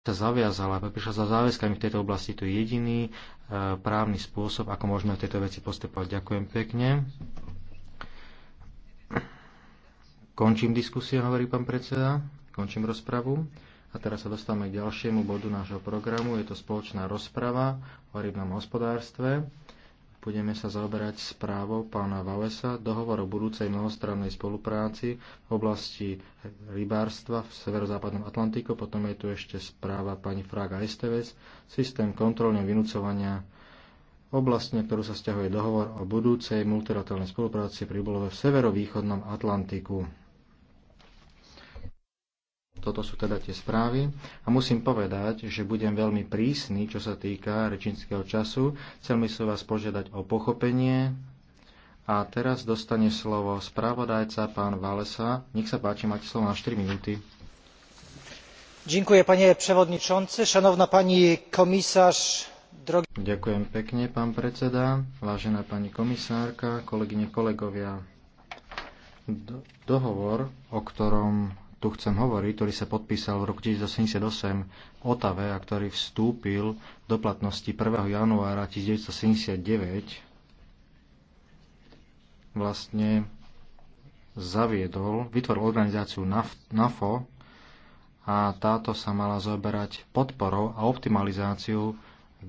sa zaviazala, prišla za záväzkami v tejto oblasti, to je jediný e, právny spôsob, ako môžeme v tejto veci postupovať. Ďakujem pekne. Končím diskusiu, hovorí pán predseda. Končím rozpravu. A teraz sa dostávame k ďalšiemu bodu nášho programu. Je to spoločná rozprava o rybnom hospodárstve budeme sa zaoberať správou pána Valesa dohovor o budúcej mnohostrannej spolupráci v oblasti rybárstva v severozápadnom Atlantiku. Potom je tu ešte správa pani Fraga Esteves, systém kontrolného vynúcovania oblasti, na ktorú sa stiahuje dohovor o budúcej multilaterálnej spolupráci pri v severovýchodnom Atlantiku. Toto sú teda tie správy. A musím povedať, že budem veľmi prísny, čo sa týka rečinského času. Chcel by som vás požiadať o pochopenie. A teraz dostane slovo správodajca pán Valesa. Nech sa páči, máte slovo na 4 minúty. Ďakujem, panie przewodniczący, szanowna pani komisarz, drogi... Ďakujem pekne, pán predseda, vážená pani komisárka, kolegyne, kolegovia. Do dohovor, o ktorom tu chcem hovoriť, ktorý sa podpísal v roku 1978 v Otave a ktorý vstúpil do platnosti 1. januára 1979, vlastne zaviedol, vytvoril organizáciu NAFO a táto sa mala zoberať podporou a optimalizáciou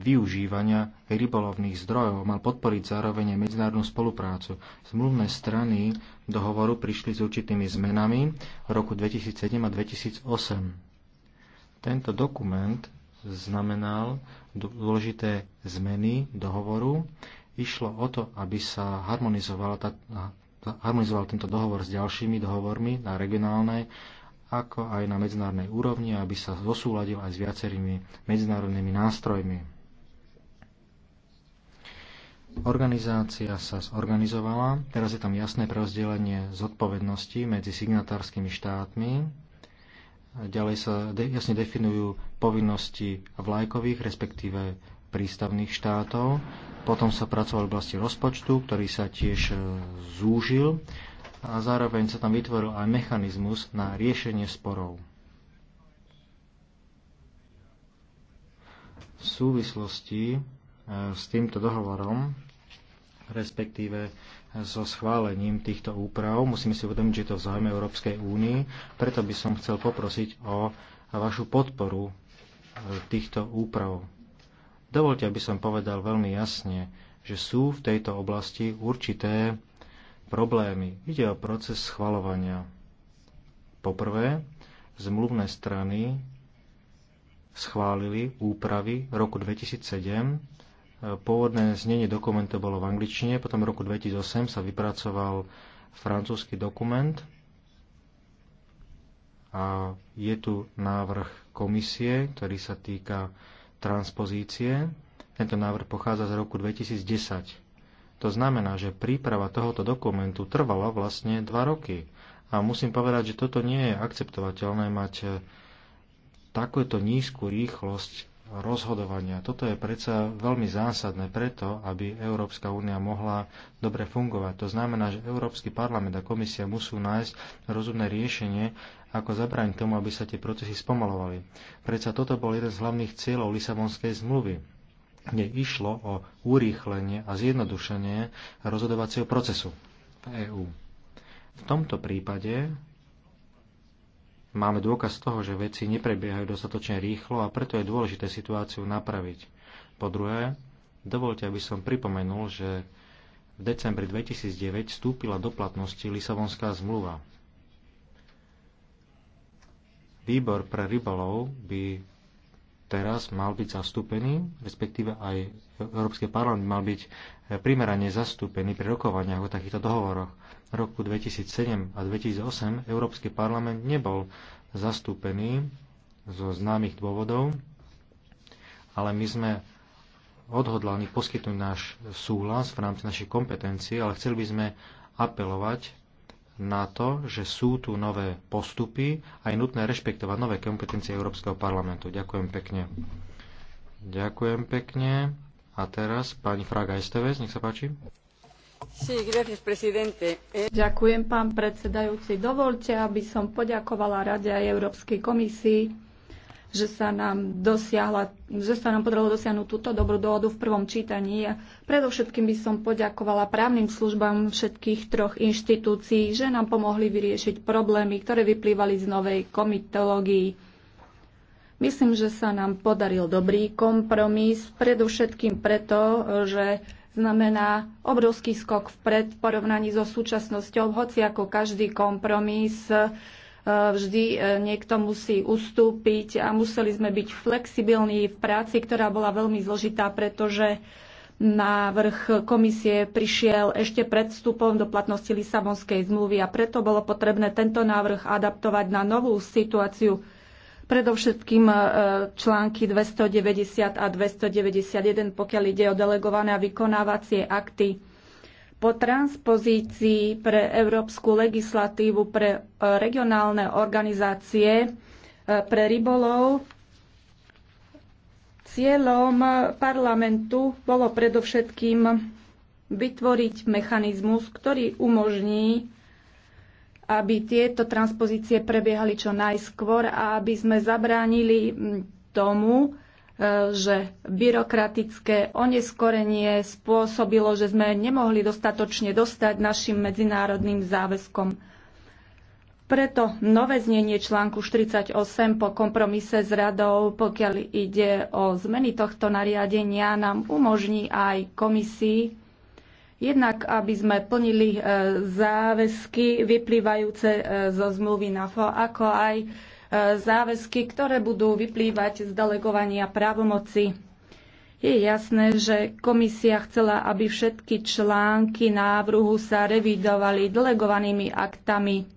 využívania rybolovných zdrojov, mal podporiť zároveň aj medzinárodnú spoluprácu. Zmluvné strany dohovoru prišli s určitými zmenami v roku 2007 a 2008. Tento dokument znamenal dôležité zmeny dohovoru. Išlo o to, aby sa harmonizoval, tá, harmonizoval tento dohovor s ďalšími dohovormi na regionálnej ako aj na medzinárodnej úrovni, aby sa zosúladil aj s viacerými medzinárodnými nástrojmi. Organizácia sa zorganizovala, teraz je tam jasné prerozdelenie zodpovednosti medzi signatárskymi štátmi, ďalej sa de- jasne definujú povinnosti vlajkových, respektíve prístavných štátov, potom sa pracoval v oblasti rozpočtu, ktorý sa tiež e, zúžil a zároveň sa tam vytvoril aj mechanizmus na riešenie sporov. V súvislosti E, s týmto dohovorom, respektíve so schválením týchto úprav. Musíme si uvedomiť, že je to v záujme Európskej únii, preto by som chcel poprosiť o vašu podporu e, týchto úprav. Dovolte, aby som povedal veľmi jasne, že sú v tejto oblasti určité problémy. Ide o proces schvalovania. Poprvé, zmluvné strany schválili úpravy roku 2007 Pôvodné znenie dokumentu bolo v angličtine, potom v roku 2008 sa vypracoval francúzsky dokument a je tu návrh komisie, ktorý sa týka transpozície. Tento návrh pochádza z roku 2010. To znamená, že príprava tohoto dokumentu trvala vlastne dva roky. A musím povedať, že toto nie je akceptovateľné mať eh, takúto nízku rýchlosť rozhodovania. Toto je predsa veľmi zásadné preto, aby Európska únia mohla dobre fungovať. To znamená, že Európsky parlament a komisia musú nájsť rozumné riešenie, ako zabrániť tomu, aby sa tie procesy spomalovali. Predsa toto bol jeden z hlavných cieľov Lisabonskej zmluvy, kde išlo o urýchlenie a zjednodušenie rozhodovacieho procesu v EÚ. V tomto prípade Máme dôkaz toho, že veci neprebiehajú dostatočne rýchlo a preto je dôležité situáciu napraviť. Po druhé, dovolte, aby som pripomenul, že v decembri 2009 vstúpila do platnosti Lisabonská zmluva. Výbor pre rybolov by teraz mal byť zastúpený, respektíve aj Európsky parlament mal byť primerane zastúpení pri rokovaniach o takýchto dohovoroch. V roku 2007 a 2008 Európsky parlament nebol zastúpený zo známych dôvodov, ale my sme odhodlani poskytnúť náš súhlas v rámci našich kompetencií, ale chceli by sme apelovať na to, že sú tu nové postupy a je nutné rešpektovať nové kompetencie Európskeho parlamentu. Ďakujem pekne. Ďakujem pekne. A teraz pani Fraga STVS, nech sa páči. Eh, Ďakujem, pán predsedajúci. Dovolte, aby som poďakovala Rade aj Európskej komisii, že sa nám, dosiahla, že sa nám podarilo dosiahnuť túto dobrú dohodu v prvom čítaní. A predovšetkým by som poďakovala právnym službám všetkých troch inštitúcií, že nám pomohli vyriešiť problémy, ktoré vyplývali z novej komitológii. Myslím, že sa nám podaril dobrý kompromis, predovšetkým preto, že znamená obrovský skok vpred v porovnaní so súčasnosťou, hoci ako každý kompromis e, vždy e, niekto musí ustúpiť a museli sme byť flexibilní v práci, ktorá bola veľmi zložitá, pretože návrh komisie prišiel ešte pred vstupom do platnosti Lisabonskej zmluvy a preto bolo potrebné tento návrh adaptovať na novú situáciu predovšetkým e, články 290 a 291, pokiaľ ide o delegované a vykonávacie akty. Po transpozícii pre európsku legislatívu pre e, regionálne organizácie e, pre rybolov cieľom parlamentu bolo predovšetkým vytvoriť mechanizmus, ktorý umožní aby tieto transpozície prebiehali čo najskôr a aby sme zabránili mm, tomu, e, že byrokratické oneskorenie spôsobilo, že sme nemohli dostatočne dostať našim medzinárodným záväzkom. Preto nové znenie článku 48 po kompromise s radou, pokiaľ ide o zmeny tohto nariadenia, nám umožní aj komisii Jednak, aby sme plnili e, záväzky vyplývajúce e, zo zmluvy NAFO, ako aj e, záväzky, ktoré budú vyplývať z delegovania právomoci. Je jasné, že komisia chcela, aby všetky články návrhu sa revidovali delegovanými aktami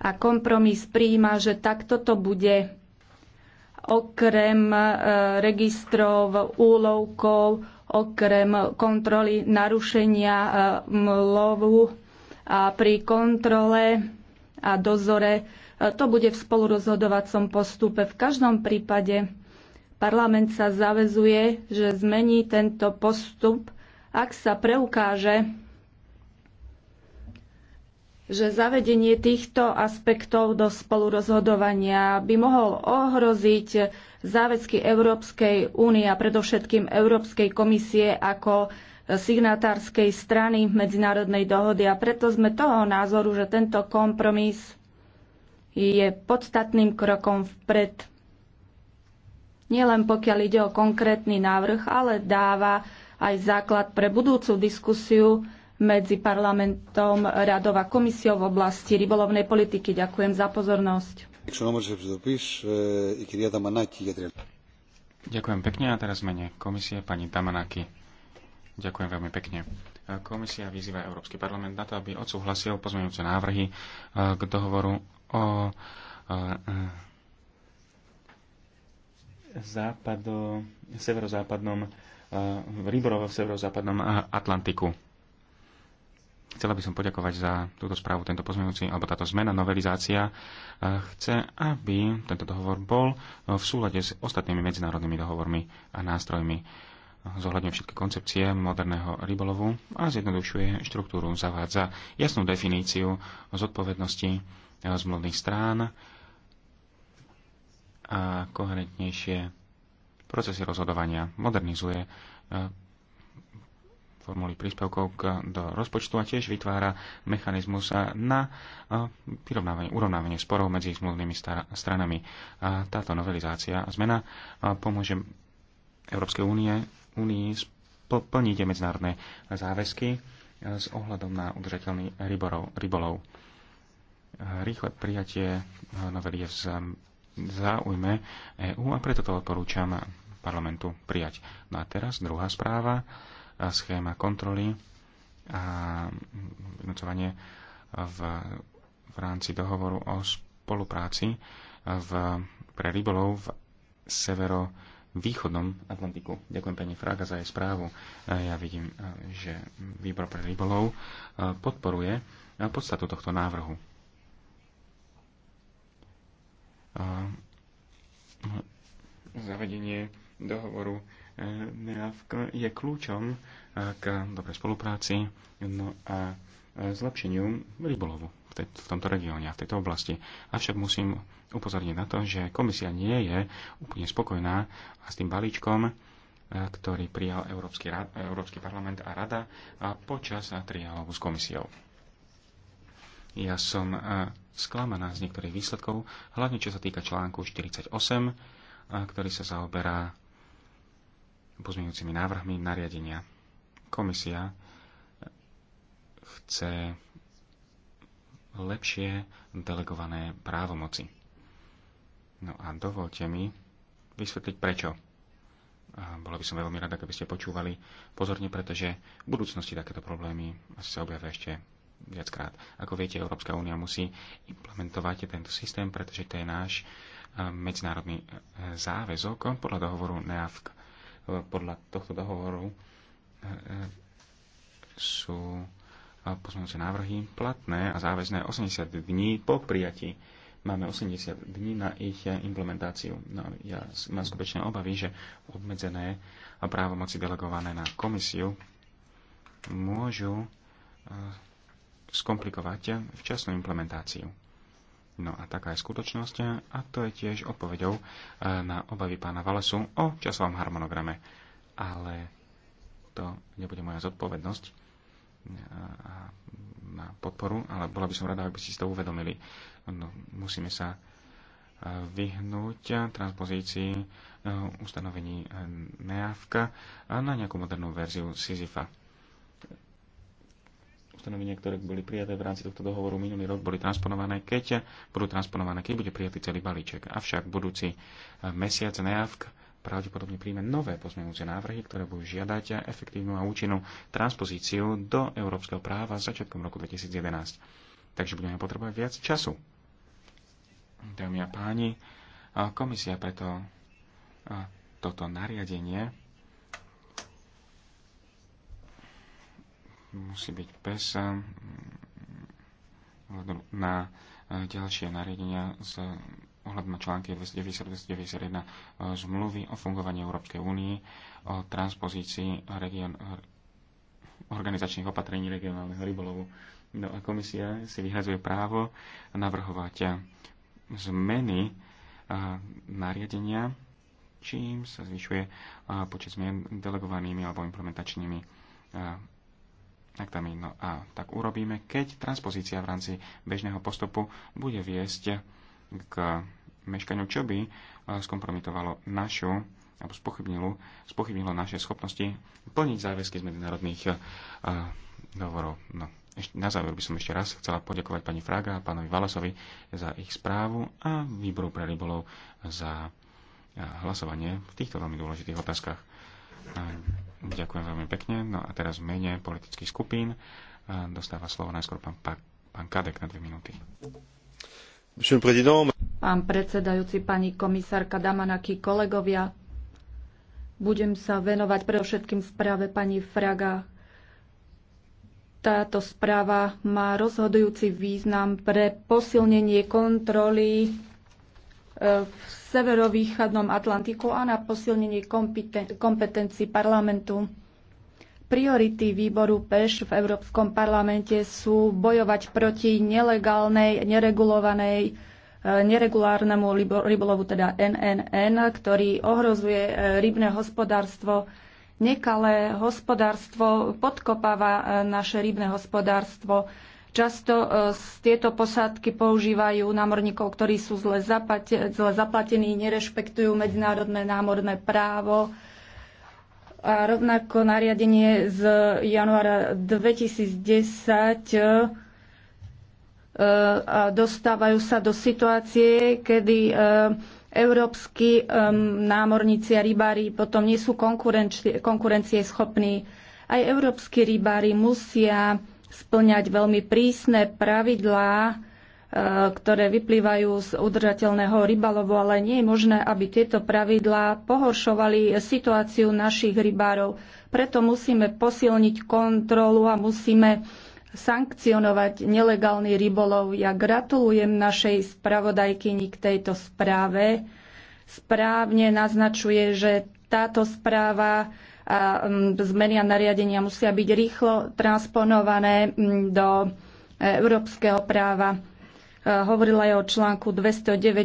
a kompromis príjma, že takto to bude okrem registrov, úlovkov, okrem kontroly narušenia e, lovu a pri kontrole a dozore e, to bude v spolurozhodovacom postupe. V každom prípade parlament sa zavezuje, že zmení tento postup, ak sa preukáže, že zavedenie týchto aspektov do spolurozhodovania by mohol ohroziť záväzky Európskej únie a predovšetkým Európskej komisie ako signatárskej strany medzinárodnej dohody. A preto sme toho názoru, že tento kompromis je podstatným krokom vpred. Nielen pokiaľ ide o konkrétny návrh, ale dáva aj základ pre budúcu diskusiu medzi parlamentom, radov a komisiou v oblasti rybolovnej politiky. Ďakujem za pozornosť. Ďakujem pekne a teraz mene komisie pani Tamanaki. Ďakujem veľmi pekne. Komisia vyzýva Európsky parlament na to, aby odsúhlasil pozmeňujúce návrhy eh, k dohovoru o eh, západo, severozápadnom, eh, v rybolove v severozápadnom Atlantiku. Chcela by som poďakovať za túto správu, tento pozmenujúci, alebo táto zmena, novelizácia. Chce, aby tento dohovor bol v súlade s ostatnými medzinárodnými dohovormi a nástrojmi. Zohľadňuje všetky koncepcie moderného rybolovu a zjednodušuje štruktúru. Zavádza jasnú definíciu zodpovednosti zmluvných strán a koherentnejšie procesy rozhodovania. Modernizuje formuly príspevkov k, do rozpočtu a tiež vytvára mechanizmus eh, na eh, vyrovnávanie, urovnávanie sporov medzi zmluvnými stranami. A táto novelizácia a zmena eh, pomôže Európskej únie, únii plniť medzinárodné záväzky s ohľadom na udržateľný ryborov, rybolov. Rýchle prijatie novely je v záujme EÚ a preto to odporúčam parlamentu prijať. No a teraz druhá správa schéma kontroly a vynúcovanie v, v rámci dohovoru o spolupráci v, pre rybolov v severovýchodnom Atlantiku. Ďakujem pani Fraga za jej správu. E, ja vidím, e, že výbor pre rybolov e, podporuje podstatu tohto návrhu. Zavedenie dohovoru je kľúčom eh, k dobrej spolupráci no a eh, zlepšeniu rybolovu v, tej, v tomto regióne a v tejto oblasti. Avšak musím upozorniť na to, že komisia nie je úplne spokojná a s tým balíčkom, eh, ktorý prijal Európsky, rad, Európsky parlament a Rada a počas trialógu s komisiou. Ja som sklamaná z niektorých výsledkov, hlavne čo sa týka článku 48, ktorý sa zaoberá pozmeňujúcimi návrhmi nariadenia. Komisia chce lepšie delegované právomoci. No a dovolte mi vysvetliť prečo. A bola by som veľmi rada, keby ste počúvali pozorne, pretože v budúcnosti takéto problémy asi sa objavia ešte viackrát. Ako viete, Európska únia musí implementovať tento systém, pretože to je náš medzinárodný e, záväzok podľa dohovoru NEAFK podľa tohto dohovoru e, e, sú e, pozmeňujúce návrhy platné a záväzné 80 dní po prijatí. Máme 80 dní na ich implementáciu. No, ja mám skutočne obavy, že obmedzené právomoci delegované na komisiu môžu skomplikovať včasnú implementáciu. No a taká je skutočnosť a to je tiež odpovedou e, na obavy pána Valesu o časovom harmonograme. Ale to nebude moja zodpovednosť e, na podporu, ale bola by som rada, aby ste si to uvedomili. No, musíme sa e, vyhnúť transpozícii ustanovení NEAVKA na nejakú modernú verziu Sisyfa Ustanovenia, ktoré boli prijaté v rámci tohto dohovoru minulý rok, boli transponované, keď budú transponované, keď bude prijatý celý balíček. Avšak budúci eh, mesiac NEAVK pravdepodobne príjme nové pozmenujúce návrhy, ktoré budú žiadať efektívnu a účinnú transpozíciu do európskeho práva začiatkom roku 2011. Takže budeme potrebovať viac času. Dámy a páni, eh, komisia preto eh, toto nariadenie musí byť pes um, na uh, ďalšie nariadenia z uh, ohľadom na články 290-291 uh, zmluvy o fungovaní Európskej únie o transpozícii region, organizačných opatrení regionálneho rybolovu. No a komisia si vyhradzuje právo navrhovať zmeny nariadenia, čím sa zvyšuje počet zmien delegovanými alebo implementačnými tak tam no a tak urobíme, keď transpozícia v rámci bežného postupu bude viesť k meškaniu, čo by eh, skompromitovalo našu alebo spochybnilo, spochybnilo naše schopnosti plniť záväzky z medzinárodných eh, dohovorov. No, ešte, na záver by som ešte raz chcela poďakovať pani Fraga a pánovi Valasovi za ich správu a výboru pre rybolov za eh, hlasovanie v týchto veľmi dôležitých otázkach. Ďakujem veľmi pekne. No a teraz v mene politických skupín dostáva slovo najskôr pán, pán Kadek na dve minúty. Pán predsedajúci, pani komisárka Damanaki, kolegovia, budem sa venovať pre všetkým správe pani Fraga. Táto správa má rozhodujúci význam pre posilnenie kontroly v severovýchodnom Atlantiku a na posilnenie kompetencií parlamentu. Priority výboru PEŠ v Európskom parlamente sú bojovať proti nelegálnej, neregulovanej, e, neregulárnemu rybolovu, teda NNN, ktorý ohrozuje e, rybné hospodárstvo. Nekalé hospodárstvo podkopáva e, naše rybné hospodárstvo Často e, tieto posádky používajú námorníkov, ktorí sú zle, zapate, zle zaplatení, nerešpektujú medzinárodné námorné právo. A rovnako nariadenie z januára 2010 e, e, dostávajú sa do situácie, kedy európsky námorníci a rybári potom nie sú konkurencie schopní. Aj európsky rybári musia splňať veľmi prísne pravidlá, e, ktoré vyplývajú z udržateľného rybalovu, ale nie je možné, aby tieto pravidlá pohoršovali situáciu našich rybárov. Preto musíme posilniť kontrolu a musíme sankcionovať nelegálny rybolov. Ja gratulujem našej spravodajkyni k tejto správe. Správne naznačuje, že táto správa zmeny a nariadenia musia byť rýchlo transponované do e, európskeho práva. E, hovorila aj o článku 290 e,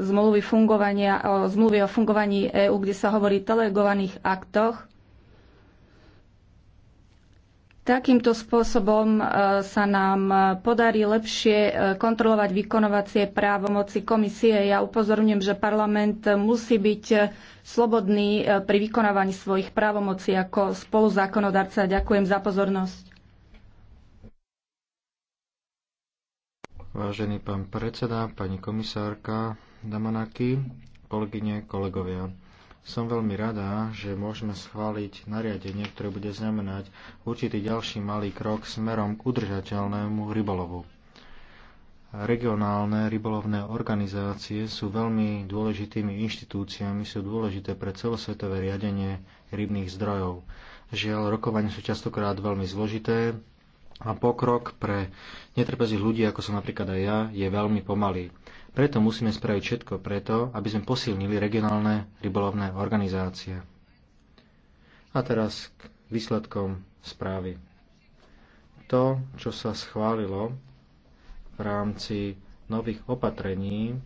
zmluvy, fungovania, o zmluvy o fungovaní EÚ, kde sa hovorí o telegovaných aktoch Takýmto spôsobom e, sa nám e, podarí lepšie e, kontrolovať vykonovacie právomoci komisie. Ja upozorňujem, že parlament musí byť slobodný pri vykonávaní svojich právomocí ako spoluzákonodarca. Ďakujem za pozornosť. Vážený pán predseda, pani komisárka Damanaki, kolegyne, kolegovia. Som veľmi rada, že môžeme schváliť nariadenie, ktoré bude znamenať určitý ďalší malý krok smerom k udržateľnému rybolovu. Regionálne rybolovné organizácie sú veľmi dôležitými inštitúciami, sú dôležité pre celosvetové riadenie rybných zdrojov. Žiaľ, rokovania sú častokrát veľmi zložité, a pokrok pre netrpezých ľudí, ako som napríklad aj ja, je veľmi pomalý. Preto musíme spraviť všetko preto, aby sme posilnili regionálne rybolovné organizácie. A teraz k výsledkom správy. To, čo sa schválilo v rámci nových opatrení,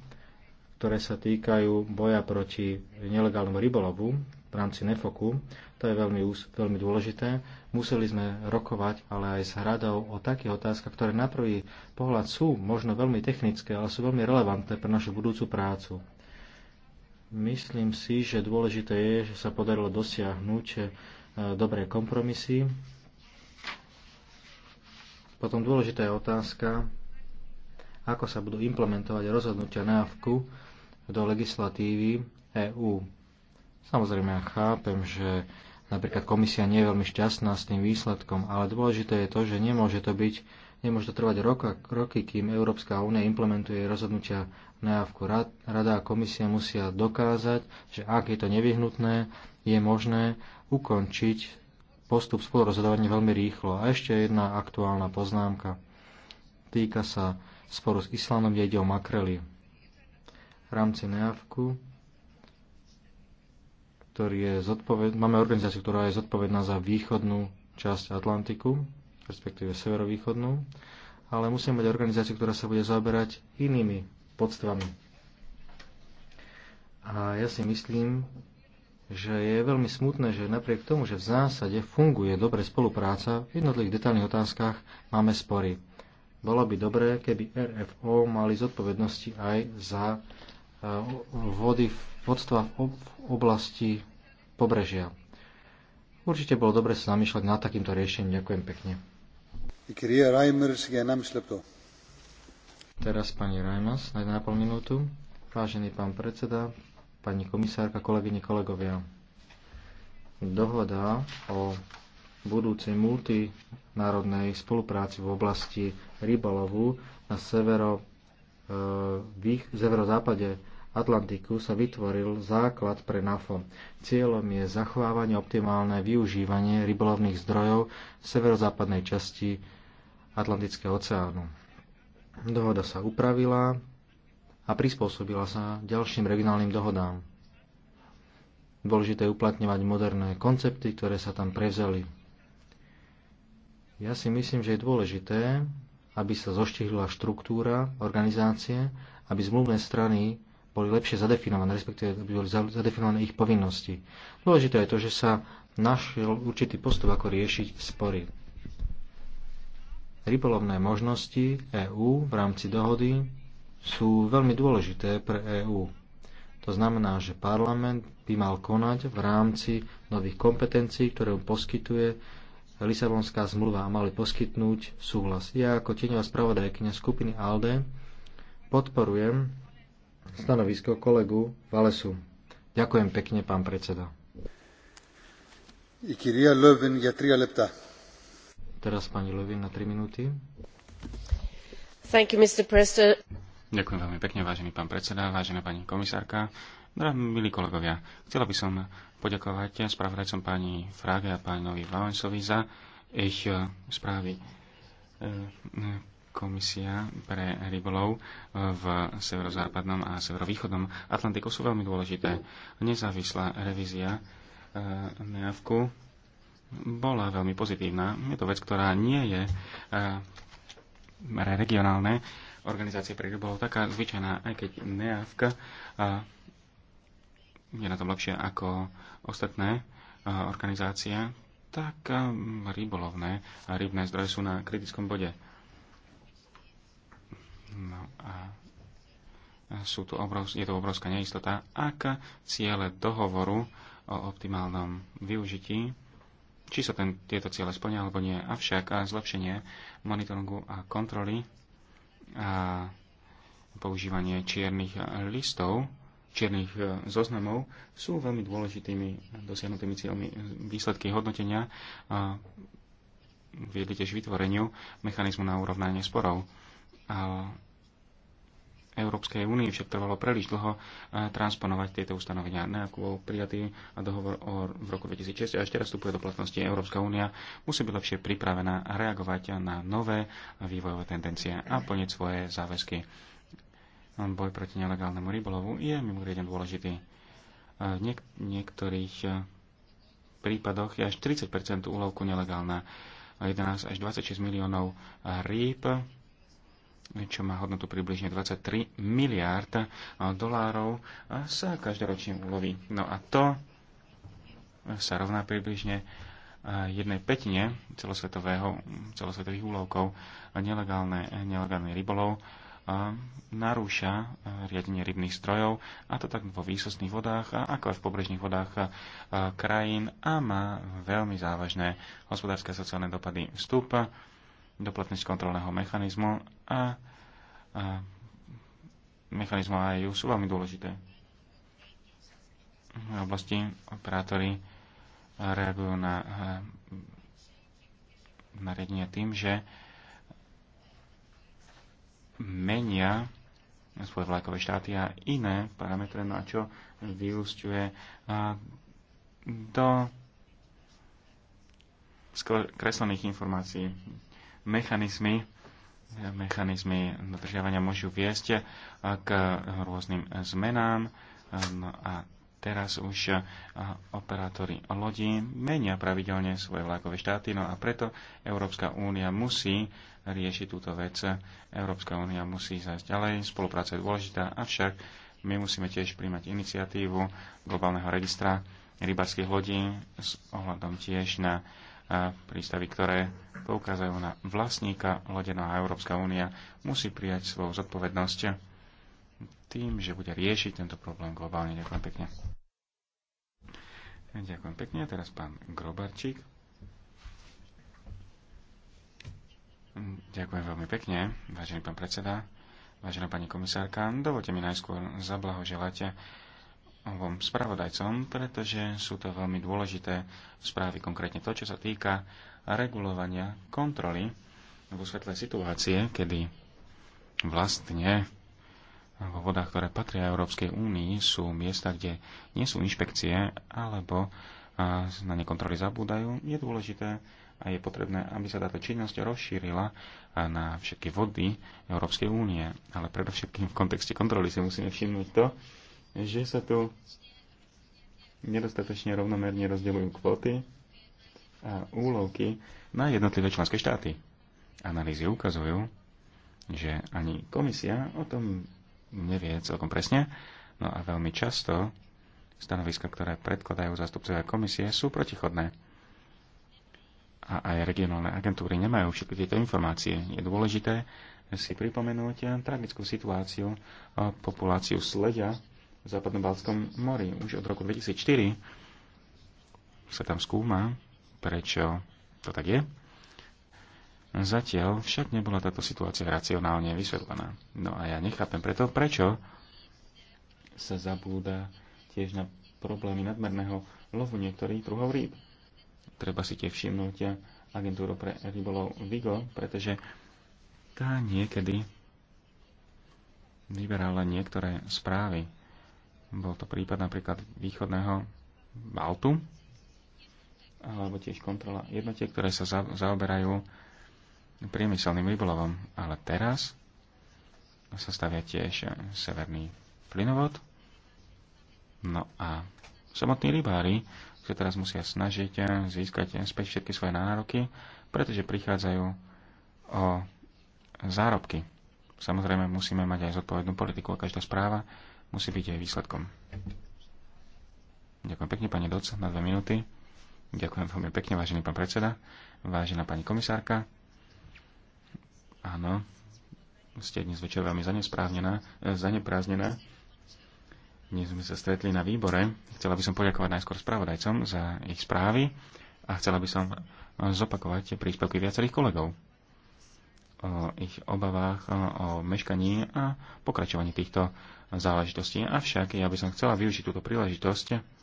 ktoré sa týkajú boja proti nelegálnemu rybolovu, v rámci NEFOKu, to je veľmi, veľmi dôležité. Museli sme rokovať ale aj s hradou o takých otázkach, ktoré na prvý pohľad sú možno veľmi technické, ale sú veľmi relevantné pre našu budúcu prácu. Myslím si, že dôležité je, že sa podarilo dosiahnuť e, dobré kompromisy. Potom dôležitá je otázka, ako sa budú implementovať rozhodnutia návku do legislatívy EÚ. Samozrejme, ja chápem, že napríklad komisia nie je veľmi šťastná s tým výsledkom, ale dôležité je to, že nemôže to byť Nemôže to trvať roka, roky, kým Európska únia implementuje rozhodnutia najavku. Rada a komisia musia dokázať, že ak je to nevyhnutné, je možné ukončiť postup spolurozhodovania veľmi rýchlo. A ešte jedna aktuálna poznámka. Týka sa sporu s Islandom, kde ide o makrely. V rámci neavku ktorý je zodpoved... máme organizáciu, ktorá je zodpovedná za východnú časť Atlantiku, respektíve severovýchodnú, ale musíme mať organizáciu, ktorá sa bude zaoberať inými podstvami. A ja si myslím, že je veľmi smutné, že napriek tomu, že v zásade funguje dobre spolupráca, v jednotlivých detailných otázkach máme spory. Bolo by dobré, keby RFO mali zodpovednosti aj za eh, vody v vodstva v oblasti pobrežia. Určite bolo dobre sa zamýšľať nad takýmto riešením. Ďakujem pekne. Teraz pani Reimers na 1,5 minútu. Vážený pán predseda, pani komisárka, kolegyne, kolegovia. Dohoda o budúcej multinárodnej spolupráci v oblasti rybolovu na severo, e, v severozápade Atlantiku sa vytvoril základ pre NAFO. Cieľom je zachovávanie optimálne využívanie rybolovných zdrojov v severozápadnej časti Atlantického oceánu. Dohoda sa upravila a prispôsobila sa ďalším regionálnym dohodám. Dôležité je uplatňovať moderné koncepty, ktoré sa tam prevzali. Ja si myslím, že je dôležité, aby sa zoštihla štruktúra organizácie, aby zmluvné strany boli lepšie zadefinované, respektíve aby boli zadefinované ich povinnosti. Dôležité je to, že sa našiel určitý postup, ako riešiť spory. Rybolovné možnosti EÚ v rámci dohody sú veľmi dôležité pre EÚ. To znamená, že parlament by mal konať v rámci nových kompetencií, ktoré mu poskytuje Lisabonská zmluva a mali poskytnúť súhlas. Ja ako tieňová spravodajkynia skupiny ALDE podporujem stanovisko kolegu Valesu. Ďakujem pekne, pán predseda. Teraz pani Lövin na 3 minúty. Thank You, Mr. Ďakujem veľmi pekne, vážený pán predseda, vážená pani komisárka, milí kolegovia. Chcela by som poďakovať spravodajcom pani Frage a pánovi Valensovi za ich eh, správy eh, Komisia pre rybolov e, v severozápadnom a severovýchodnom Atlantiku sú veľmi dôležité. Nezávislá revízia e, NEAVKu bola veľmi pozitívna. Je to vec, ktorá nie je pre e, regionálne organizácie pre rybolov taká zvyčajná, aj keď NEAVka, je na tom lepšie ako ostatné organizácie, tak rybolovné a rybné zdroje sú na kritickom bode No a sú tu obrov, je tu obrovská neistota, ak ciele dohovoru o optimálnom využití, či sa ten, tieto ciele splňa alebo nie, avšak a zlepšenie monitoringu a kontroly a používanie čiernych listov, čiernych e, zoznamov sú veľmi dôležitými dosiahnutými cieľmi výsledky hodnotenia a e, viedli tiež vytvoreniu mechanizmu na urovnanie sporov a Európskej únii však trvalo príliš dlho e, transponovať tieto ustanovenia. Nejak bol prijatý dohovor o, v roku 2006 a ešte raz vstupuje do platnosti Európska únia, musí byť lepšie pripravená reagovať na nové vývojové tendencie a plniť svoje záväzky. Boj proti nelegálnemu rybolovu je mimoriadne dôležitý. V e, niek- niektorých e, prípadoch je až 30 úlovku nelegálna. 11 až 26 miliónov rýb čo má hodnotu približne 23 miliárd eh, dolárov, sa každoročne uloví. No a to sa rovná približne eh, jednej petine celosvetového, celosvetových úlovkov nelegálne, nelegálne rybolov eh, narúša riadenie rybných strojov, a to tak vo výsostných vodách, ako aj v pobrežných vodách krajín a má veľmi závažné hospodárske a sociálne dopady vstup do platnosti kontrolného mechanizmu a, a mechanizmov a EU sú veľmi dôležité. V oblasti operátori reagujú na e, nariadenia tým, že menia svoje vlakové štáty a iné parametre, na no čo vyústiuje e, do kreslených informácií mechanizmy mechanizmy dodržiavania môžu viesť eh, k rôznym zmenám. No a teraz už eh, operátori lodí menia pravidelne svoje vlakové štáty, no a preto Európska únia musí riešiť túto vec. Európska únia musí zajsť ďalej, spolupráca je dôležitá, avšak my musíme tiež príjmať iniciatívu globálneho registra rybarských lodí s ohľadom tiež na eh, prístavy, ktoré poukazujú na vlastníka lodená a Európska únia musí prijať svoju zodpovednosť tým, že bude riešiť tento problém globálne. Ďakujem pekne. Ďakujem pekne. Teraz pán Grobarčík. Ďakujem veľmi pekne, vážený pán predseda, vážená pani komisárka. Dovolte mi najskôr zablahoželať ovom spravodajcom, pretože sú to veľmi dôležité správy, konkrétne to, čo sa týka regulovania kontroly vo svetle situácie, kedy vlastne vo vodách, ktoré patria Európskej únii, sú miesta, kde nie sú inšpekcie alebo na ne kontroly zabúdajú, je dôležité a je potrebné, aby sa táto činnosť rozšírila na všetky vody Európskej únie. Ale predovšetkým v kontexte kontroly si musíme všimnúť to, že sa tu nedostatočne rovnomerne rozdeľujú kvóty a úlovky na jednotlivé členské štáty. Analýzy ukazujú, že ani komisia o tom nevie celkom presne, no a veľmi často stanoviska, ktoré predkladajú zástupcovia komisie, sú protichodné. A aj regionálne agentúry nemajú všetky tieto informácie. Je dôležité si pripomenúť tragickú situáciu a populáciu sledia v západnom Balskom mori. Už od roku 2004 sa tam skúma prečo to tak je. Zatiaľ však nebola táto situácia racionálne vysvetlená. No a ja nechápem preto, prečo sa zabúda tiež na problémy nadmerného lovu niektorých druhov rýb. Treba si tiež všimnúť agentúru pre rybolov Vigo, pretože tá niekedy vyberala niektoré správy. Bol to prípad napríklad východného Baltu, alebo tiež kontrola jednotiek, ktoré sa za, zaoberajú priemyselným rybolovom. Ale teraz sa stavia tiež severný plynovod. No a samotní rybári sa teraz musia snažiť získať späť všetky svoje nároky, pretože prichádzajú o zárobky. Samozrejme, musíme mať aj zodpovednú politiku a každá správa musí byť aj výsledkom. Ďakujem pekne, pani Doc, na dve minúty. Ďakujem veľmi pekne, vážený pán predseda, vážená pani komisárka. Áno, ste dnes večer veľmi zaneprázdnená. E, dnes sme sa stretli na výbore. Chcela by som poďakovať najskôr spravodajcom za ich správy a chcela by som zopakovať príspevky viacerých kolegov o ich obavách e, o meškaní a pokračovaní týchto záležitostí. Avšak ja by som chcela využiť túto príležitosť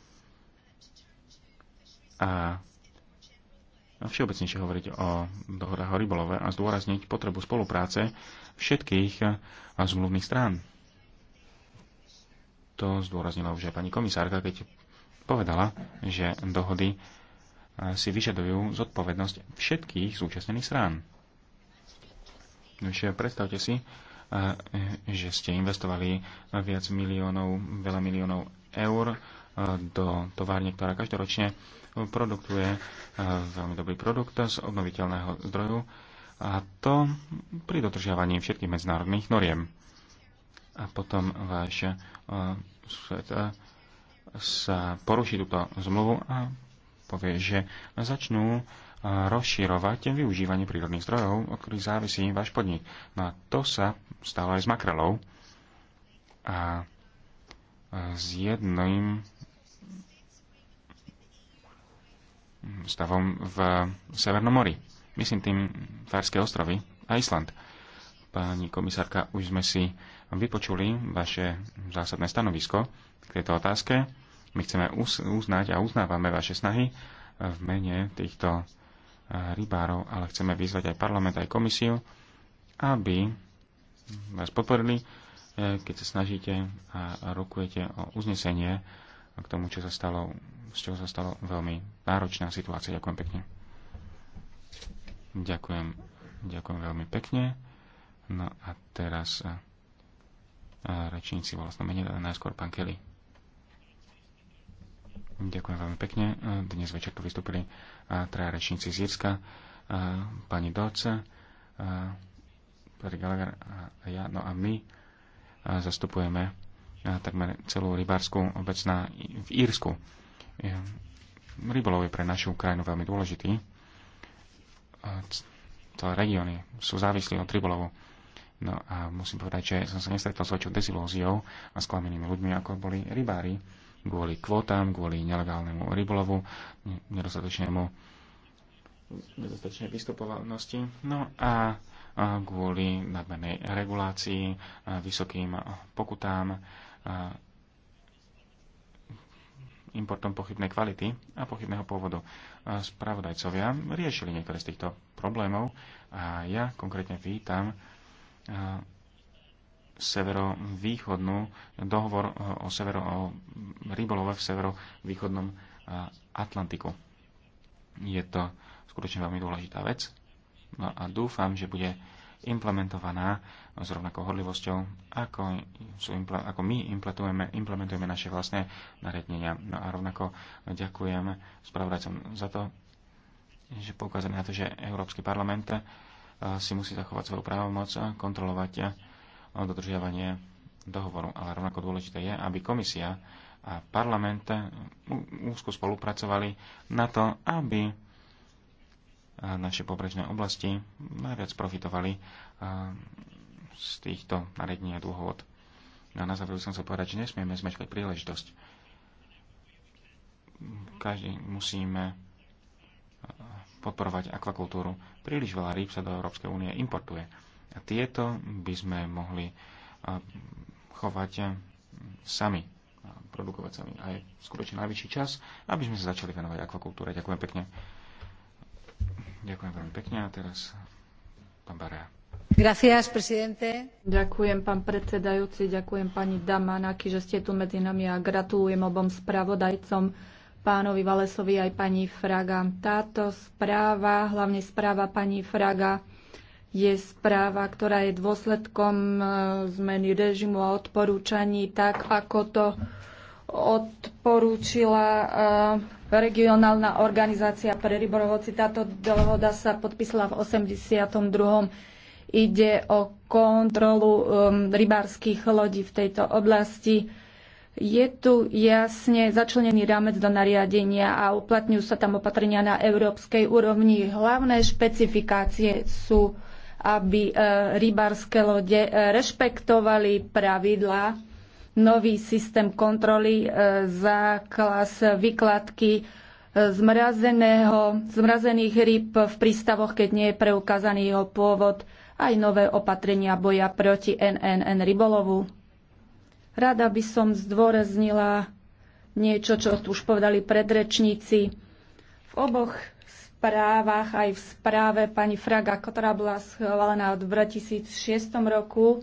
a všeobecnejšie hovoriť o dohodách o rybolove a zdôrazniť potrebu spolupráce všetkých eh, zmluvných strán. To zdôraznila už aj pani komisárka, keď povedala, že dohody eh, si vyžadujú zodpovednosť všetkých zúčastnených strán. Takže predstavte si, eh, že ste investovali viac miliónov, veľa miliónov eur do továrne, ktorá každoročne produkuje eh, veľmi dobrý produkt z obnoviteľného zdroju a to pri dodržiavaní všetkých medzinárodných noriem. A potom váš eh, svet eh, sa poruší túto zmluvu a povie, že začnú rozširovať využívanie prírodných zdrojov, o ktorých závisí váš podnik. No a to sa stalo aj s makrelou. A s jedným stavom v Severnom mori. Myslím tým Fárske ostrovy a Island. Pani komisárka, už sme si vypočuli vaše zásadné stanovisko k tejto otázke. My chceme uznať a uznávame vaše snahy v mene týchto eh, rybárov, ale chceme vyzvať aj parlament, aj komisiu, aby vás podporili, eh, keď sa snažíte a rokujete o uznesenie k tomu, čo sa stalo, z čoho sa stalo veľmi náročná situácia. Ďakujem pekne. Ďakujem, ďakujem veľmi pekne. No a teraz a, a rečníci vlastne menej, najskôr pán Kelly. Ďakujem veľmi pekne. Dnes večer tu vystúpili traja rečníci z Jirska, pani Dolce, Gallagher a ja. No a my zastupujeme takmer celú rybárskú obec na, v Írsku. Rybolov je pre našu krajinu veľmi dôležitý. Celé regióny sú závislí od rybolovu. No a musím povedať, že som sa nestretol s väčšou dezilóziou a sklamenými ľuďmi, ako boli rybári, kvôli kvótam, kvôli nelegálnemu rybolovu, nedostatočnému nedostatočnej vystupovanosti, no a kvôli nadmernej regulácii, vysokým pokutám importom pochybnej kvality a pochybného pôvodu. Spravodajcovia riešili niektoré z týchto problémov a ja konkrétne vítam severovýchodnú dohovor o, severo, o rybolove v severovýchodnom Atlantiku. Je to skutočne veľmi dôležitá vec no a dúfam, že bude implementovaná s rovnakou horlivosťou, ako, sú, ako my implementujeme, implementujeme naše vlastné nariadenia. No a rovnako ďakujem spravodajcom za to, že poukázali na to, že Európsky parlament eh, si musí zachovať svoju právomoc eh, kontrolovať eh, dodržiavanie dohovoru. Ale rovnako dôležité je, aby komisia a parlament úzko spolupracovali na to, aby naše pobrežné oblasti najviac profitovali z týchto nariadení a dôvod. No a na záver som sa povedať, že nesmieme zmeškať príležitosť. Každý musíme podporovať akvakultúru. Príliš veľa rýb sa do Európskej únie importuje. A tieto by sme mohli chovať sami, produkovať sami. A je skutočne najvyšší čas, aby sme sa začali venovať akvakultúre. Ďakujem pekne. Ďakujem veľmi pekne a teraz pán Barea. Gracias, presidente. Ďakujem, pán predsedajúci, ďakujem pani Damanaki, že ste tu medzi nami a gratulujem obom spravodajcom, pánovi Valesovi aj pani Fraga. Táto správa, hlavne správa pani Fraga, je správa, ktorá je dôsledkom eh, zmeny režimu a odporúčaní, tak ako to odporúčila eh, regionálna organizácia pre ryborovoci. Táto dohoda sa podpísala v 82. Ide o kontrolu eh, rybárskych lodí v tejto oblasti. Je tu jasne začlenený rámec do nariadenia a uplatňujú sa tam opatrenia na európskej úrovni. Hlavné špecifikácie sú, aby eh, rybárske lode rešpektovali pravidlá nový systém kontroly, e, záklas, vykladky e, zmrazených rýb v prístavoch, keď nie je preukázaný jeho pôvod, aj nové opatrenia boja proti NNN rybolovu. Rada by som zdôraznila niečo, čo tu už povedali predrečníci. V oboch správach, aj v správe pani Fraga, ktorá bola schválená v 2006 roku,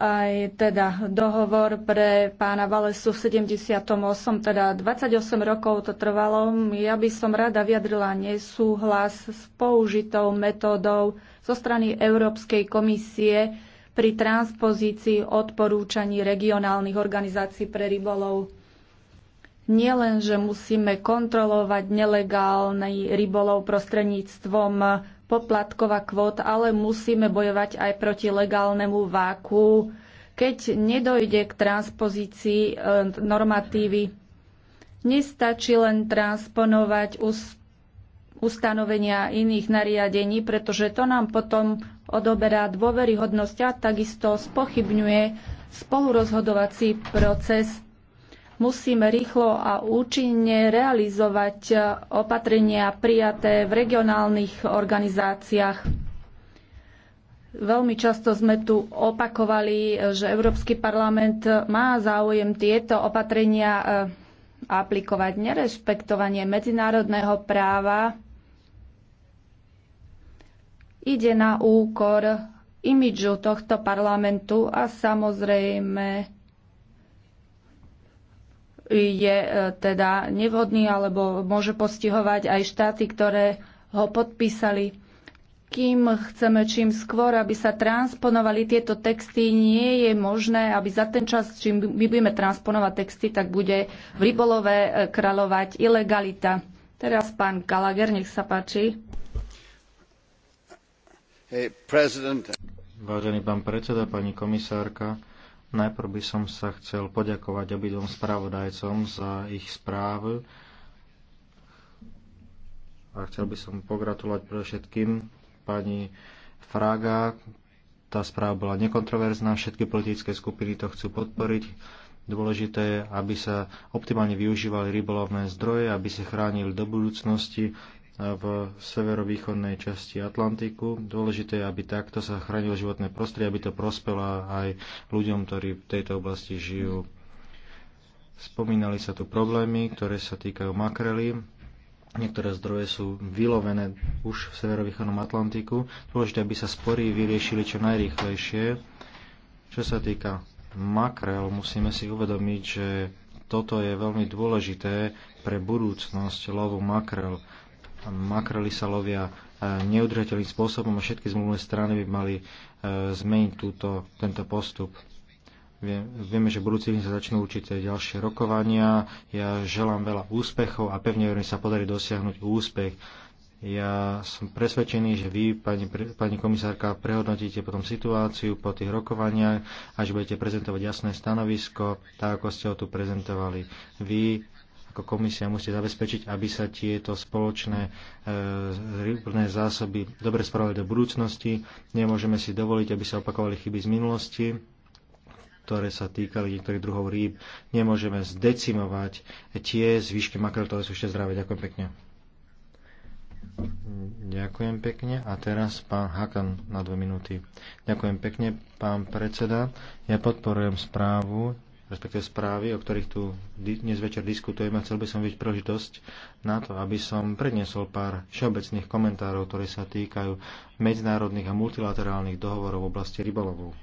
aj teda dohovor pre pána Valesu v 78, teda 28 rokov to trvalo. Ja by som rada vyjadrila nesúhlas s použitou metódou zo strany Európskej komisie pri transpozícii odporúčaní regionálnych organizácií pre rybolov. Nielen, že musíme kontrolovať nelegálny rybolov prostredníctvom poplatková kvóta, ale musíme bojovať aj proti legálnemu váku, keď nedojde k transpozícii e, normatívy. Nestačí len transponovať us, ustanovenia iných nariadení, pretože to nám potom odoberá dôveryhodnosť a takisto spochybňuje spolurozhodovací proces Musíme rýchlo a účinne realizovať e, opatrenia prijaté v regionálnych organizáciách. Veľmi často sme tu opakovali, e, že Európsky parlament má záujem tieto opatrenia e, aplikovať. Nerešpektovanie medzinárodného práva ide na úkor imidžu tohto parlamentu a samozrejme je e, teda nevhodný alebo môže postihovať aj štáty, ktoré ho podpísali. Kým chceme čím skôr, aby sa transponovali tieto texty, nie je možné, aby za ten čas, čím my budeme transponovať texty, tak bude v rybolove e, kráľovať ilegalita. Teraz pán Gallagher, nech sa páči. Hey, Vážený pán predseda, pani komisárka, Najprv by som sa chcel poďakovať obidvom spravodajcom za ich správy a chcel by som pogratulovať pre všetkým pani Fraga. Tá správa bola nekontroverzná, všetky politické skupiny to chcú podporiť. Dôležité je, aby sa optimálne využívali rybolovné zdroje, aby sa chránili do budúcnosti v severovýchodnej časti Atlantiku. Dôležité je, aby takto sa chránilo životné prostredie, aby to prospelo aj ľuďom, ktorí v tejto oblasti žijú. Spomínali sa tu problémy, ktoré sa týkajú makrely. Niektoré zdroje sú vylovené už v severovýchodnom Atlantiku. Dôležité, aby sa spory vyriešili čo najrýchlejšie. Čo sa týka makrel, musíme si uvedomiť, že toto je veľmi dôležité pre budúcnosť lovu makrel makrali sa lovia e, neudržateľným spôsobom a všetky zmluvné strany by mali e, zmeniť túto, tento postup. Vieme, že budúci deň sa začnú určité ďalšie rokovania. Ja želám veľa úspechov a pevne verím, sa podarí dosiahnuť úspech. Ja som presvedčený, že vy, pani, pani komisárka, prehodnotíte potom situáciu po tých rokovaniach a že budete prezentovať jasné stanovisko, tak ako ste ho tu prezentovali. Vy ako komisia musíte zabezpečiť, aby sa tieto spoločné e, rybné zásoby dobre spravili do budúcnosti. Nemôžeme si dovoliť, aby sa opakovali chyby z minulosti ktoré sa týkali niektorých druhov rýb, nemôžeme zdecimovať tie zvyšky makrel, ktoré sú ešte zdravé. Ďakujem pekne. Ďakujem pekne. A teraz pán Hakan na dve minúty. Ďakujem pekne, pán predseda. Ja podporujem správu respektíve správy, o ktorých tu dnes večer diskutujeme. Chcel by som byť prožitosť na to, aby som predniesol pár všeobecných komentárov, ktoré sa týkajú medzinárodných a multilaterálnych dohovorov v oblasti rybolovov.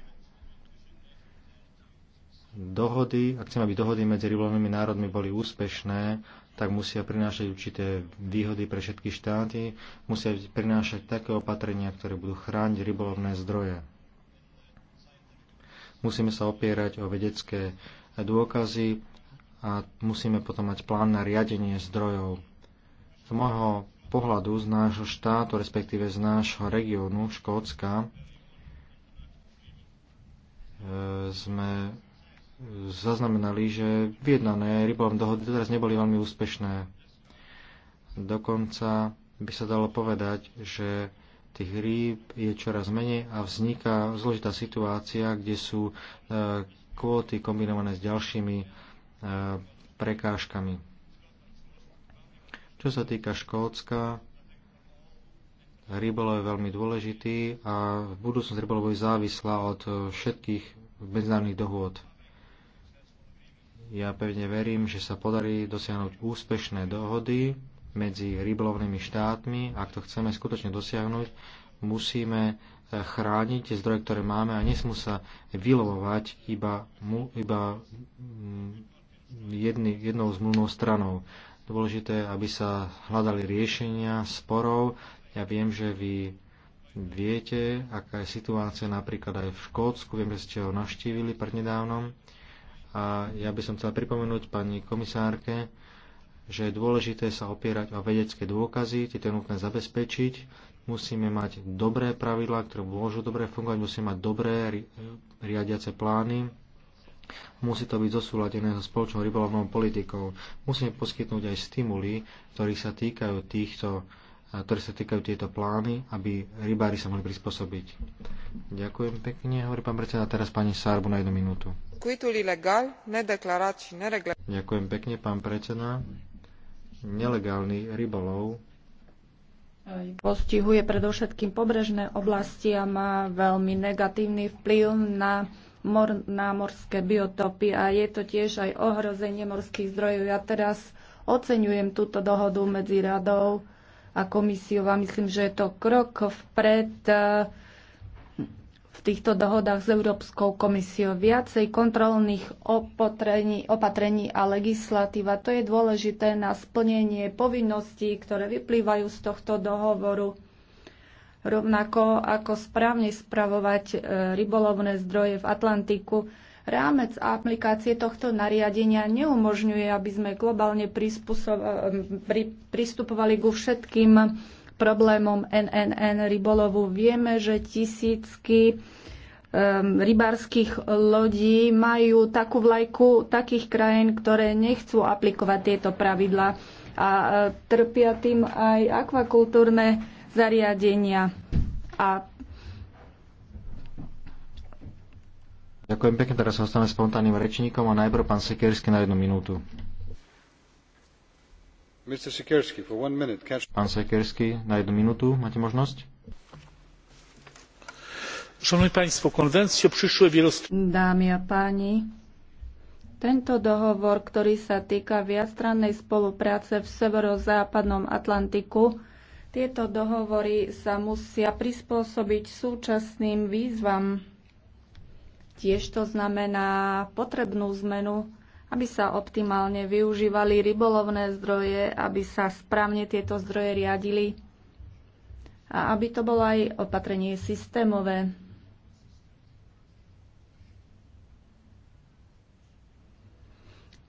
Dohody, ak chceme, aby dohody medzi rybolovnými národmi boli úspešné, tak musia prinášať určité výhody pre všetky štáty, musia prinášať také opatrenia, ktoré budú chrániť rybolovné zdroje. Musíme sa opierať o vedecké dôkazy a musíme potom mať plán na riadenie zdrojov. Z môjho pohľadu z nášho štátu, respektíve z nášho regiónu Škótska, e, sme zaznamenali, že vyjednané rybom dohody teraz neboli veľmi úspešné. Dokonca by sa dalo povedať, že tých rýb je čoraz menej a vzniká zložitá situácia, kde sú e, kvóty kombinované s ďalšími e, prekážkami. Čo sa týka Škótska, rybolov je veľmi dôležitý a v budúcnosti rybolov je závislá od všetkých medzinárodných dohôd. Ja pevne verím, že sa podarí dosiahnuť úspešné dohody medzi rybolovnými štátmi. Ak to chceme skutočne dosiahnuť, musíme eh, chrániť tie zdroje, ktoré máme a nesmú sa vylovovať iba, iba mm, jedny, jednou zmluvnou stranou. Dôležité, aby sa hľadali riešenia sporov. Ja viem, že vy viete, aká je situácia napríklad aj v Škótsku. Viem, že ste ho navštívili prednedávnom. A ja by som chcel pripomenúť pani komisárke, že je dôležité sa opierať o vedecké dôkazy, tieto je nutné zabezpečiť musíme mať dobré pravidlá, ktoré môžu dobre fungovať, musíme mať dobré riadiace plány, musí to byť zosúladené so spoločnou rybolovnou politikou. Musíme poskytnúť aj stimuly, ktorí sa týkajú týchto ktoré sa týkajú tieto plány, aby rybári sa mohli prispôsobiť. Ďakujem pekne, hovorí pán predseda. Teraz pani Sarbu na jednu minútu. Ďakujem pekne, pán predseda. Nelegálny rybolov postihuje predovšetkým pobrežné oblasti a má veľmi negatívny vplyv na, mor, na morské biotopy a je to tiež aj ohrozenie morských zdrojov. Ja teraz oceňujem túto dohodu medzi radou a komisiou a myslím, že je to krok vpred eh, v týchto dohodách s Európskou komisiou. Viacej kontrolných opatrení, opatrení a legislatíva. To je dôležité na splnenie povinností, ktoré vyplývajú z tohto dohovoru. Rovnako ako správne spravovať e, rybolovné zdroje v Atlantiku, rámec a aplikácie tohto nariadenia neumožňuje, aby sme globálne e, pristupovali ku všetkým problémom NNN rybolovu. Vieme, že tisícky um, rybárskych lodí majú takú vlajku takých krajín, ktoré nechcú aplikovať tieto pravidlá a e, trpia tým aj akvakultúrne zariadenia. A Ďakujem pekne, teraz sa ostane spontánnym rečníkom a najprv pán Sekersky na jednu minútu. Pán Sekersky, na jednu minútu máte možnosť. Szanowni Państwo, konwencje przyszłe wielostronne. Dámy a páni, tento dohovor, ktorý sa týka viacstrannej spolupráce v severozápadnom Atlantiku, tieto dohovory sa musia prispôsobiť súčasným výzvam. Tiež to znamená potrebnú zmenu aby sa optimálne využívali rybolovné zdroje, aby sa správne tieto zdroje riadili a aby to bolo aj opatrenie systémové.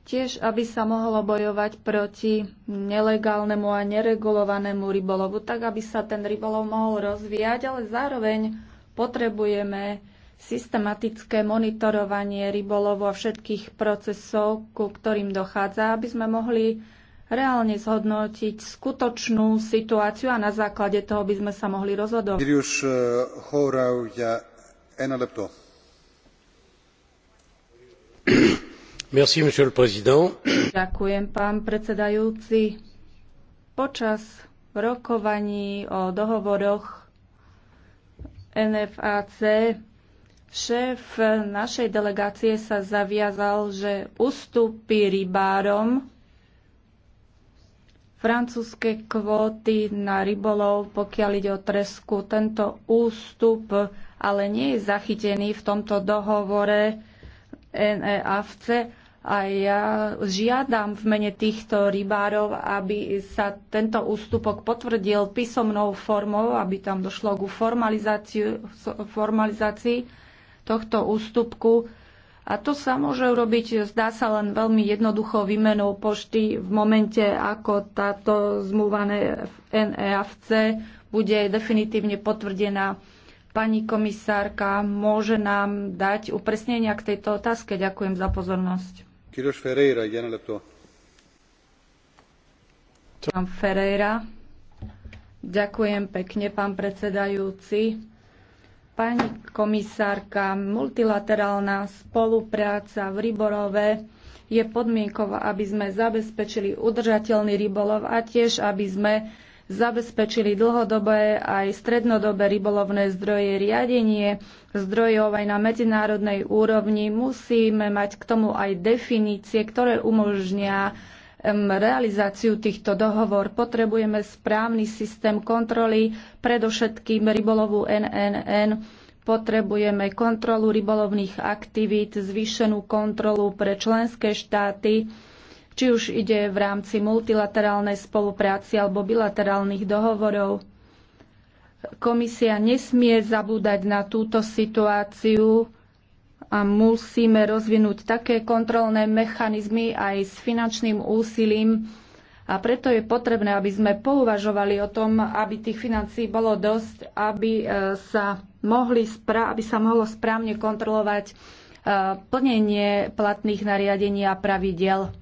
Tiež, aby sa mohlo bojovať proti nelegálnemu a neregulovanému rybolovu, tak aby sa ten rybolov mohol rozvíjať, ale zároveň potrebujeme systematické monitorovanie rybolovu a všetkých procesov, ku ktorým dochádza, aby sme mohli reálne zhodnotiť skutočnú situáciu a na základe toho by sme sa mohli rozhodovať. Eh, Merci, Ďakujem, pán predsedajúci. Počas rokovaní o dohovoroch NFAC Šéf našej delegácie sa zaviazal, že ustúpi rybárom francúzske kvóty na rybolov, pokiaľ ide o tresku. Tento ústup ale nie je zachytený v tomto dohovore NEAFC a ja žiadam v mene týchto rybárov, aby sa tento ústupok potvrdil písomnou formou, aby tam došlo ku formalizácii tohto ústupku. A to sa môže urobiť, zdá sa len veľmi jednoduchou výmenou pošty v momente, ako táto zmluva NEFC e bude definitívne potvrdená. Pani komisárka, môže nám dať upresnenia k tejto otázke? Ďakujem za pozornosť. Ferreira, ja Pán Ferreira, ďakujem pekne, pán predsedajúci. Pani komisárka, multilaterálna spolupráca v Ryborove je podmienkou, aby sme zabezpečili udržateľný rybolov a tiež, aby sme zabezpečili dlhodobé aj strednodobé rybolovné zdroje, riadenie zdrojov aj na medzinárodnej úrovni. Musíme mať k tomu aj definície, ktoré umožnia realizáciu týchto dohovor potrebujeme správny systém kontroly, predovšetkým rybolovú NNN, potrebujeme kontrolu rybolovných aktivít, zvýšenú kontrolu pre členské štáty, či už ide v rámci multilaterálnej spolupráci alebo bilaterálnych dohovorov. Komisia nesmie zabúdať na túto situáciu, a musíme rozvinúť také kontrolné mechanizmy aj s finančným úsilím. A preto je potrebné, aby sme pouvažovali o tom, aby tých financií bolo dosť, aby e, sa, mohli spra- aby sa mohlo správne kontrolovať e, plnenie platných nariadení a pravidel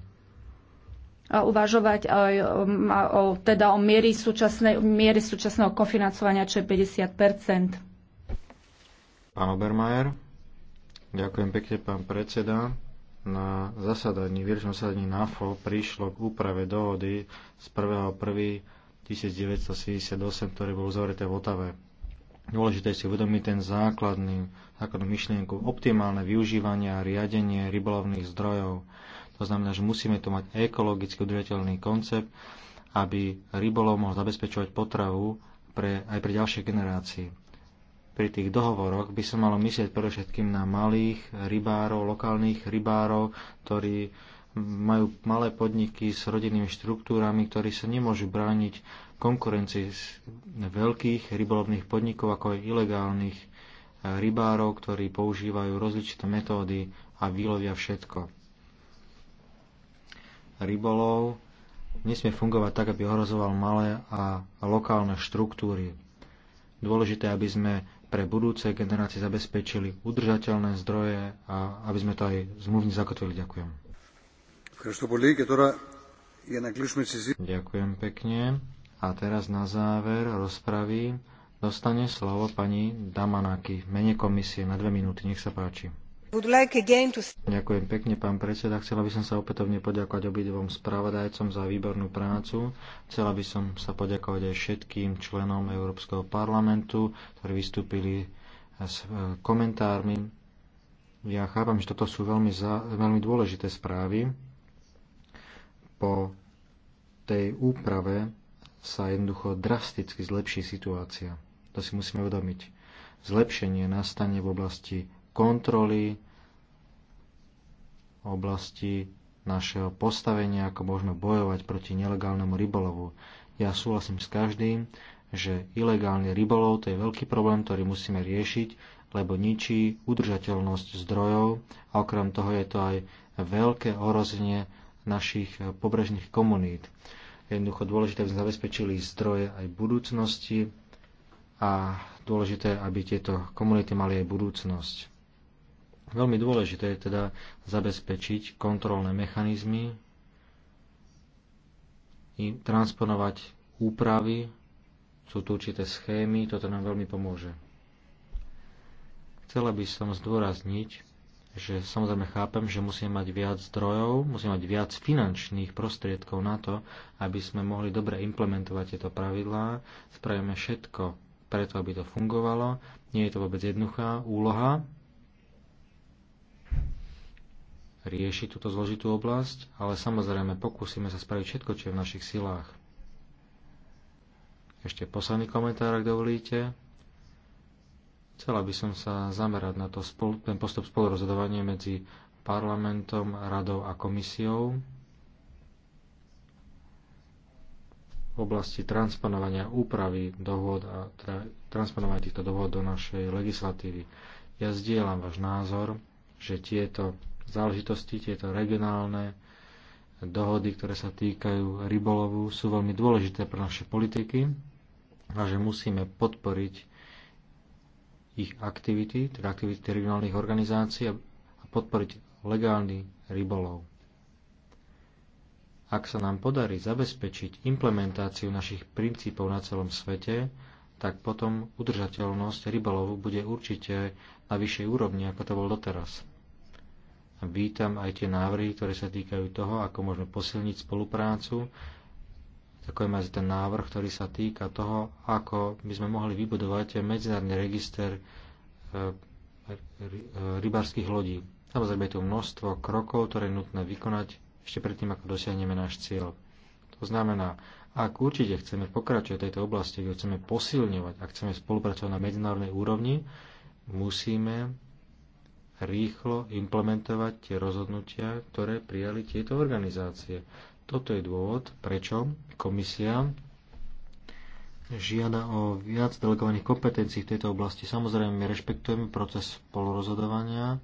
a uvažovať aj o, mm, o, teda o miery, súčasnej, miery súčasného kofinancovania, čo je 50 Pán Obermajer. Ďakujem pekne, pán predseda. Na zasadaní, výročnom zasadaní NAFO prišlo k úprave dohody z 1.1.1978, ktoré bolo uzavreté v Otave. Dôležité si uvedomiť ten základný, základnú myšlienku, optimálne využívanie a riadenie rybolovných zdrojov. To znamená, že musíme tu mať ekologicky udržateľný koncept, aby rybolov mohol zabezpečovať potravu pre, aj pre ďalšie generácie pri tých dohovoroch by sa malo myslieť predovšetkým na malých rybárov, lokálnych rybárov, ktorí majú malé podniky s rodinnými štruktúrami, ktorí sa nemôžu brániť konkurencii z veľkých rybolovných podnikov, ako aj ilegálnych eh, rybárov, ktorí používajú rozličité metódy a vylovia všetko. Rybolov nesmie fungovať tak, aby ohrozoval malé a lokálne štruktúry. Dôležité, aby sme pre budúce generácie zabezpečili udržateľné zdroje a aby sme to aj zmluvne zakotvili. Ďakujem. Ďakujem pekne. A teraz na záver rozpravy dostane slovo pani Damanaki v mene komisie na dve minúty. Nech sa páči. Ďakujem pekne, pán predseda. Chcela by som sa opätovne poďakovať obidvom spravodajcom za výbornú prácu. Chcela by som sa poďakovať aj všetkým členom Európskeho parlamentu, ktorí vystúpili s e, komentármi. Ja chápam, že toto sú veľmi, za, veľmi dôležité správy. Po tej úprave sa jednoducho drasticky zlepší situácia. To si musíme uvedomiť. Zlepšenie nastane v oblasti kontroly oblasti našeho postavenia, ako možno bojovať proti nelegálnemu rybolovu. Ja súhlasím s každým, že ilegálny rybolov to je veľký problém, ktorý musíme riešiť, lebo ničí udržateľnosť zdrojov a okrem toho je to aj veľké ohrozenie našich pobrežných komunít. Jednoducho dôležité, aby sme zabezpečili zdroje aj budúcnosti a dôležité, aby tieto komunity mali aj budúcnosť. Veľmi dôležité je teda zabezpečiť kontrolné mechanizmy i transponovať úpravy, sú tu určité schémy, toto nám veľmi pomôže. Chcela by som zdôrazniť, že samozrejme chápem, že musíme mať viac zdrojov, musíme mať viac finančných prostriedkov na to, aby sme mohli dobre implementovať tieto pravidlá. Spravíme všetko preto, aby to fungovalo. Nie je to vôbec jednoduchá úloha, riešiť túto zložitú oblasť, ale samozrejme pokúsime sa spraviť všetko, čo je v našich silách. Ešte posledný komentár, ak dovolíte. Chcela by som sa zamerať na to, ten postup spolurozhodovania medzi parlamentom, radou a komisiou v oblasti transponovania úpravy dohod a tra- teda transponovania týchto dohod do našej legislatívy. Ja zdieľam váš názor, že tieto záležitosti, tieto regionálne dohody, ktoré sa týkajú rybolovu, sú veľmi dôležité pre naše politiky a že musíme podporiť ich aktivity, teda aktivity regionálnych organizácií a podporiť legálny rybolov. Ak sa nám podarí zabezpečiť implementáciu našich princípov na celom svete, tak potom udržateľnosť rybolovu bude určite na vyššej úrovni, ako to bol doteraz. Vítam aj tie návrhy, ktoré sa týkajú toho, ako môžeme posilniť spoluprácu. Ďakujem aj za ten návrh, ktorý sa týka toho, ako by sme mohli vybudovať medzinárodný register eh, rybárskych lodí. Samozrejme je tu množstvo krokov, ktoré je nutné vykonať ešte predtým, ako dosiahneme náš cieľ. To znamená, ak určite chceme pokračovať v tejto oblasti, ak chceme posilňovať, ak chceme spolupracovať na medzinárodnej úrovni, musíme rýchlo implementovať tie rozhodnutia, ktoré prijali tieto organizácie. Toto je dôvod, prečo komisia žiada o viac delegovaných kompetencií v tejto oblasti. Samozrejme, my rešpektujeme proces spolurozhodovania,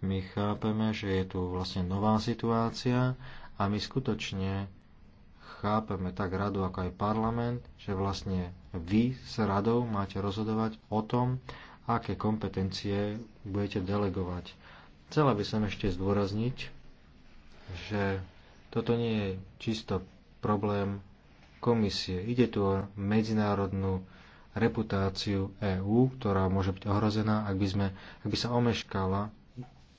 my chápeme, že je tu vlastne nová situácia a my skutočne chápeme tak radu ako aj parlament, že vlastne vy s radou máte rozhodovať o tom, aké kompetencie budete delegovať. Chcela by som ešte zdôrazniť, že toto nie je čisto problém komisie. Ide tu o medzinárodnú reputáciu EÚ, ktorá môže byť ohrozená, ak by, sme, ak by sa omeškala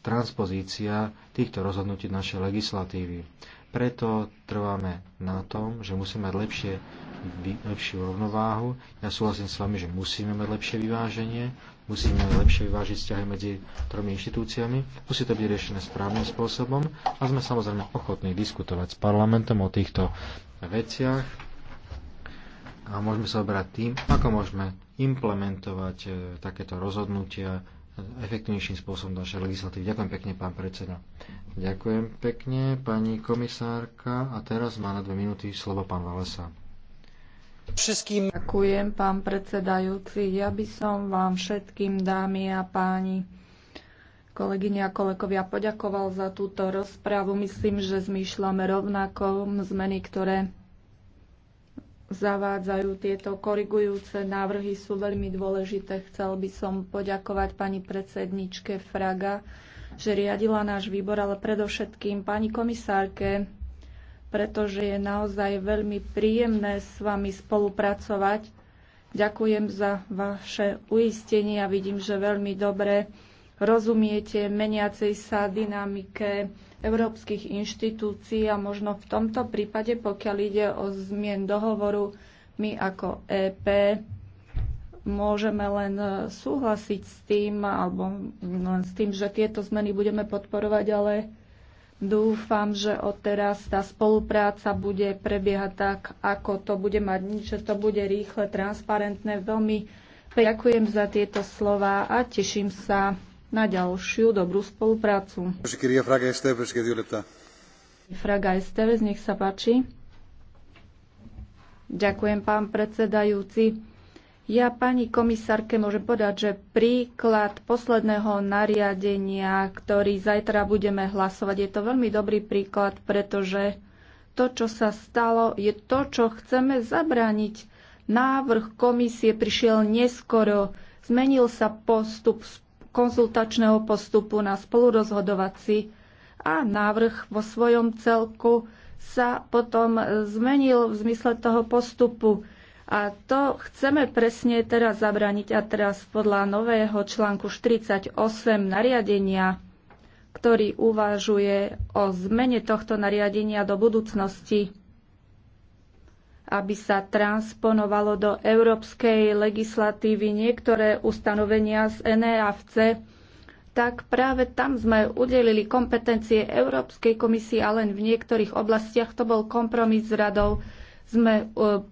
transpozícia týchto rozhodnutí našej legislatívy. Preto trváme na tom, že musíme mať lepšie lepšiu rovnováhu. Ja súhlasím s vami, že musíme mať lepšie vyváženie, musíme lepšie vyvážiť vzťahy medzi tromi inštitúciami, musí to byť riešené správnym spôsobom a sme samozrejme ochotní diskutovať s parlamentom o týchto veciach a môžeme sa obrať tým, ako môžeme implementovať e, takéto rozhodnutia efektívnejším spôsobom našej legislatívy. Ďakujem pekne, pán predseda. Ďakujem pekne, pani komisárka. A teraz má na dve minúty slovo pán Valesa. Všetkým... Ďakujem, pán predsedajúci. Ja by som vám všetkým, dámy a páni, kolegyne a kolegovia, poďakoval za túto rozprávu. Myslím, že zmýšľame rovnako zmeny, ktoré zavádzajú tieto korigujúce návrhy, sú veľmi dôležité. Chcel by som poďakovať pani predsedničke Fraga, že riadila náš výbor, ale predovšetkým pani komisárke pretože je naozaj veľmi príjemné s vami spolupracovať. Ďakujem za vaše uistenie a vidím, že veľmi dobre rozumiete meniacej sa dynamike európskych inštitúcií a možno v tomto prípade, pokiaľ ide o zmien dohovoru, my ako EP môžeme len e, súhlasiť s tým, alebo len s tým, že tieto zmeny budeme podporovať, ale Dúfam, že odteraz tá spolupráca bude prebiehať tak, ako to bude mať, že to bude rýchle, transparentné. Veľmi ďakujem za tieto slova a teším sa na ďalšiu dobrú spoluprácu. Fraga Esteves, nech sa páči. Ďakujem, pán predsedajúci. Ja pani komisárke môžem povedať, že príklad posledného nariadenia, ktorý zajtra budeme hlasovať, je to veľmi dobrý príklad, pretože to, čo sa stalo, je to, čo chceme zabrániť. Návrh komisie prišiel neskoro, zmenil sa postup z konzultačného postupu na spolurozhodovací a návrh vo svojom celku sa potom zmenil v zmysle toho postupu a to chceme presne teraz zabraniť a teraz podľa nového článku 48 nariadenia, ktorý uvažuje o zmene tohto nariadenia do budúcnosti, aby sa transponovalo do európskej legislatívy niektoré ustanovenia z NEAFC, tak práve tam sme udelili kompetencie Európskej komisii a len v niektorých oblastiach to bol kompromis s radou sme e,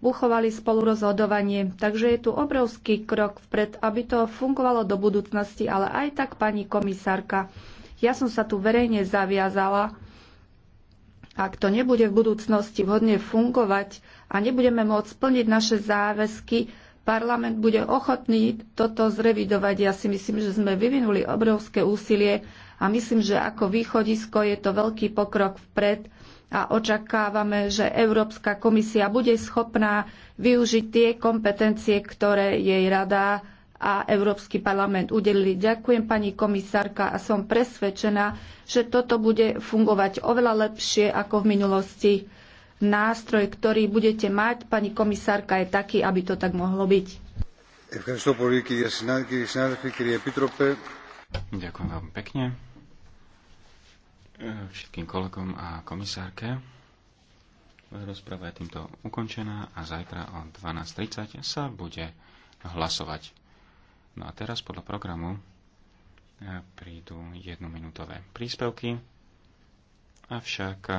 uchovali spolurozhodovanie. Takže je tu obrovský krok vpred, aby to fungovalo do budúcnosti, ale aj tak, pani komisárka, ja som sa tu verejne zaviazala, ak to nebude v budúcnosti vhodne fungovať a nebudeme môcť splniť naše záväzky, parlament bude ochotný toto zrevidovať. Ja si myslím, že sme vyvinuli obrovské úsilie a myslím, že ako východisko je to veľký pokrok vpred a očakávame, že Európska komisia bude schopná využiť tie kompetencie, ktoré jej rada a Európsky parlament udelili. Ďakujem pani komisárka a som presvedčená, že toto bude fungovať oveľa lepšie ako v minulosti. Nástroj, ktorý budete mať, pani komisárka, je taký, aby to tak mohlo byť. Ďakujem veľmi pekne všetkým kolegom a komisárke. Rozprava je týmto ukončená a zajtra o 12.30 sa bude hlasovať. No a teraz podľa programu e, prídu jednominútové príspevky, avšak e,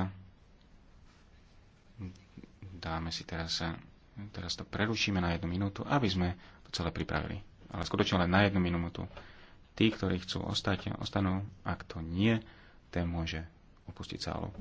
dáme si teraz, e, teraz to prerušíme na jednu minútu, aby sme to celé pripravili. Ale skutočne len na jednu minútu. Tí, ktorí chcú ostať, ostanú, ak to nie, ten môže opustiť sálu.